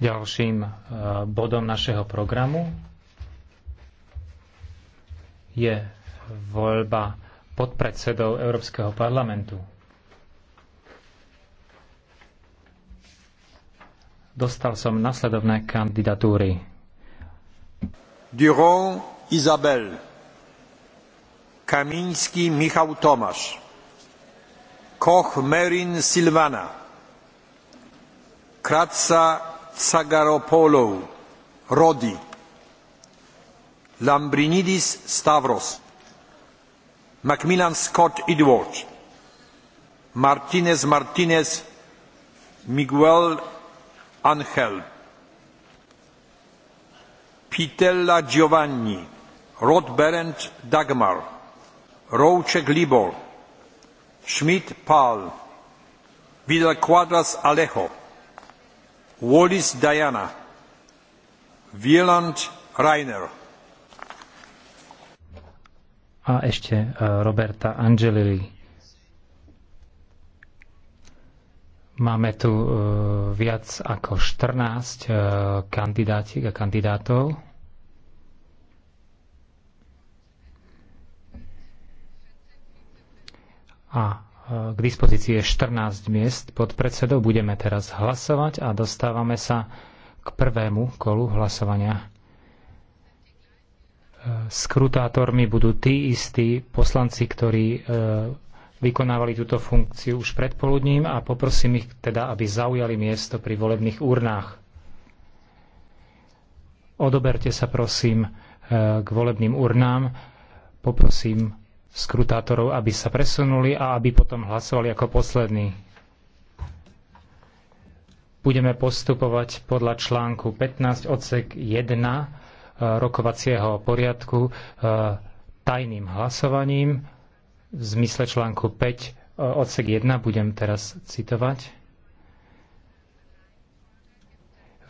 Ďalším e, bodom našeho programu je voľba podpredsedov Európskeho parlamentu. Dostal som nasledovné kandidatúry. Durand Isabel, Kamiński Michał Tomasz, Koch Merin Silvana, Kratza Tsagaropoulou, Rodi, Lambrinidis Stavros, Macmillan Scott Edward, Martinez Martinez, Miguel Angel, Pitella Giovanni, Rod Berend Dagmar, Rouček Libor, Schmidt Paul, Vidal Quadras Alejo, Wallis Diana, Wieland Reiner. A ešte eh, Roberta Angelili. Máme tu eh, viac ako 14 eh, kandidátiek a kandidátov. A k dispozícii je 14 miest pod predsedou. Budeme teraz hlasovať a dostávame sa k prvému kolu hlasovania. E, skrutátormi budú tí istí poslanci, ktorí e, vykonávali túto funkciu už predpoludním a poprosím ich teda, aby zaujali miesto pri volebných urnách. Odoberte sa prosím e, k volebným urnám. Poprosím skrutátorov, aby sa presunuli a aby potom hlasovali ako poslední. Budeme postupovať podľa článku 15 odsek 1 e, rokovacieho poriadku e, tajným hlasovaním. V zmysle článku 5 e, odsek 1 budem teraz citovať.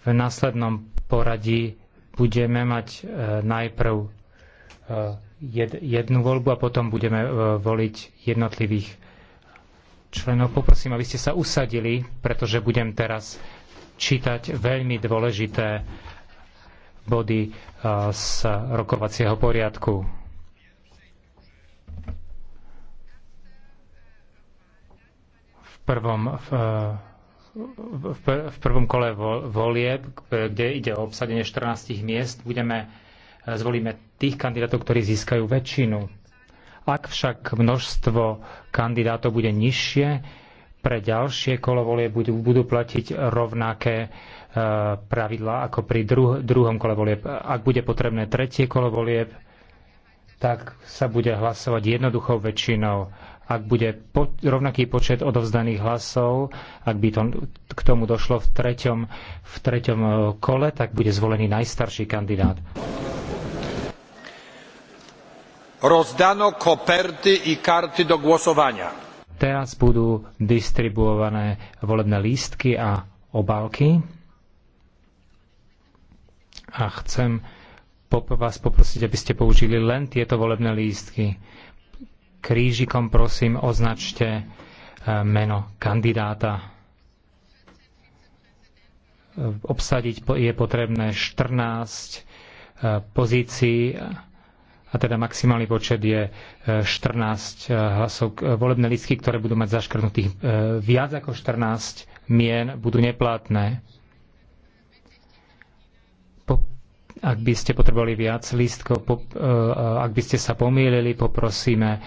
V následnom poradí budeme mať najprv Eh, jednu voľbu a potom budeme eh, voliť jednotlivých členov. Poprosím, aby ste sa usadili, pretože budem teraz čítať veľmi dôležité body eh, z rokovacieho poriadku. V prvom, v, prvom kole volieb, kde ide o obsadenie 14 miest, budeme zvolíme tých kandidátov, ktorí získajú väčšinu. Ak však množstvo kandidátov bude nižšie, pre ďalšie kolo volie budú, budú platiť rovnaké e, pravidlá ako pri druh- druhom kole volieb. Ak bude potrebné tretie kolo volieb, tak sa bude hlasovať jednoduchou väčšinou. Ak bude po- rovnaký počet odovzdaných hlasov, ak by to, k tomu došlo v treťom, v treťom e, kole, tak bude zvolený najstarší kandidát rozdano koperty i karty do głosowania. Teraz budú distribuované volebné lístky a obálky. A chcem vás poprosiť, aby ste použili len tieto volebné lístky. Krížikom prosím označte eh, meno kandidáta eh, obsadiť je potrebné 14 eh, pozícií a teda maximálny počet je 14 e, e, hlasov. E, volebné listky, ktoré budú mať zaškrtnutých viac ako 14 mien, budú neplatné. Po, ak by ste potrebovali viac lístkov, po, ak by ste sa pomýlili, poprosíme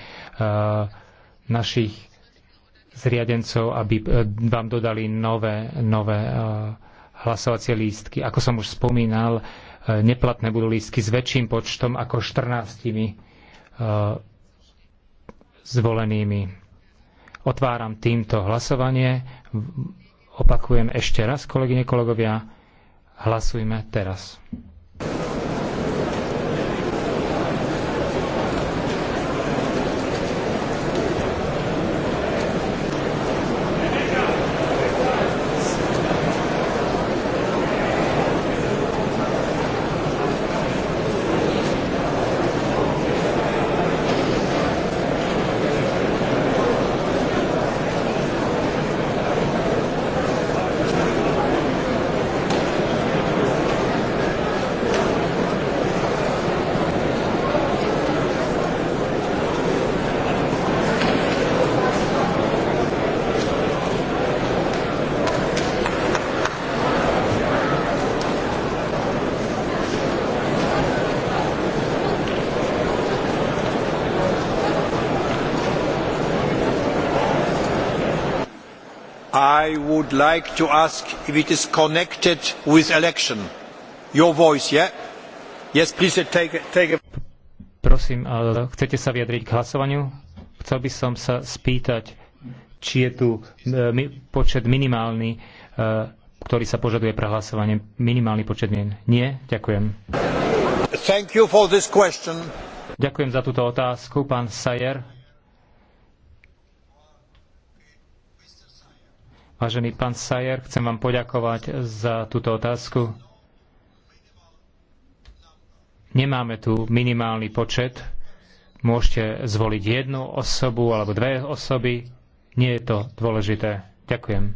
našich zriadencov, aby vám dodali nové, nové hlasovacie lístky. Ako som už spomínal, neplatné budú lístky s väčším počtom ako 14 e, zvolenými. Otváram týmto hlasovanie. Opakujem ešte raz, kolegyne, kolegovia, hlasujme teraz. I would like to ask if it is connected with election. Your voice, yeah? Yes, please uh, take, take a... Prosím, uh, chcete sa vyjadriť k hlasovaniu? Chcel by som sa spýtať, či je tu uh, počet minimálny, ktorý sa požaduje pre hlasovanie. Minimálny počet mien. Nie? Ďakujem. Thank you for this question. Ďakujem za túto otázku, pán Sayer. Vážený pán Sajer, chcem vám poďakovať za túto otázku. Nemáme tu minimálny počet. Môžete zvoliť jednu osobu alebo dve osoby. Nie je to dôležité. Ďakujem.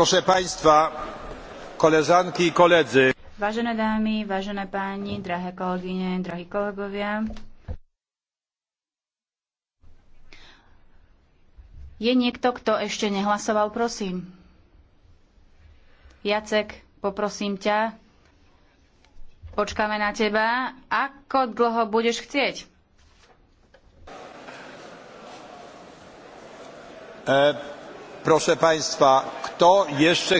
Proszę Państwa, koleżanki i koledzy. Vážené dámy, vážené páni, drahé kolegyne, drahí kolegovia. Je niekto, kto ešte nehlasoval, prosím? Jacek, poprosím ťa, počkáme na teba. Ako dlho budeš chcieť? E Proszę Państwa, kto jeszcze...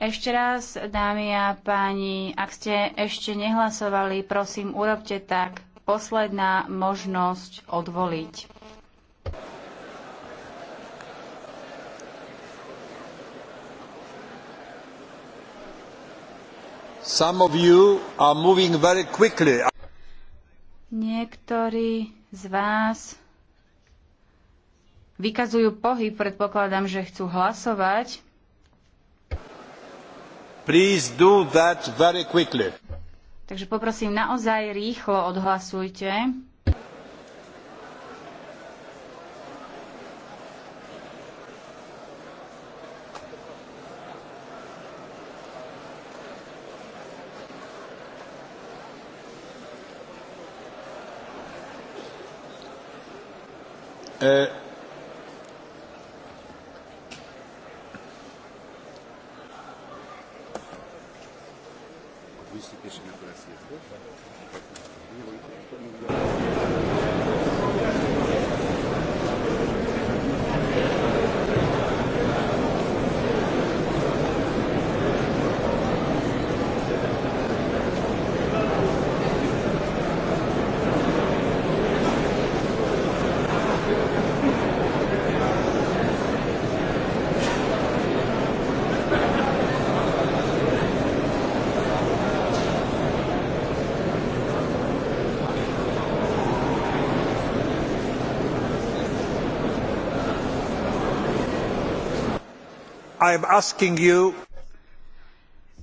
Ešte raz, dámy a páni, ak ste ešte nehlasovali, prosím, urobte tak. Posledná možnosť odvoliť. Some of you are moving very quickly. Niektorí z vás vykazujú pohyb, predpokladám, že chcú hlasovať. Please do that very quickly. Takže poprosím, naozaj rýchlo odhlasujte. Uh,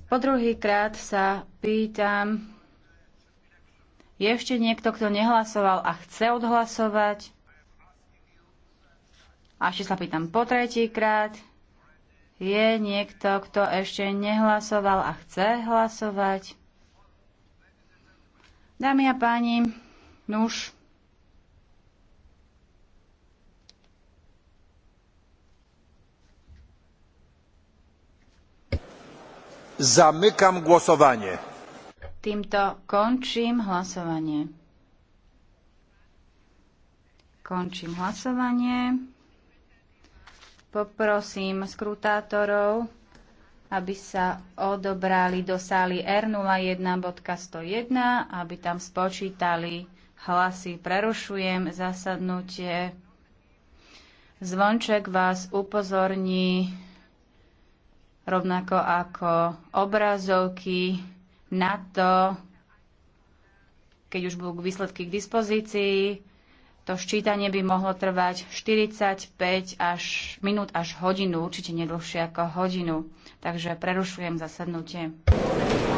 Po druhý krát sa pýtam, je ešte niekto, kto nehlasoval a chce odhlasovať? A ešte sa pýtam po tretí krát, je niekto, kto ešte nehlasoval a chce hlasovať? Dámy a páni, nuž. Zamykam głosowanie. Týmto končím hlasovanie. Končím hlasovanie. Poprosím skrutátorov, aby sa odobrali do sály R01.101, aby tam spočítali hlasy. Prerušujem zasadnutie. Zvonček vás upozorní rovnako ako obrazovky na to, keď už budú výsledky k dispozícii. To ščítanie by mohlo trvať 45 až minút až hodinu, určite nedlhšie ako hodinu. Takže prerušujem zasadnutie.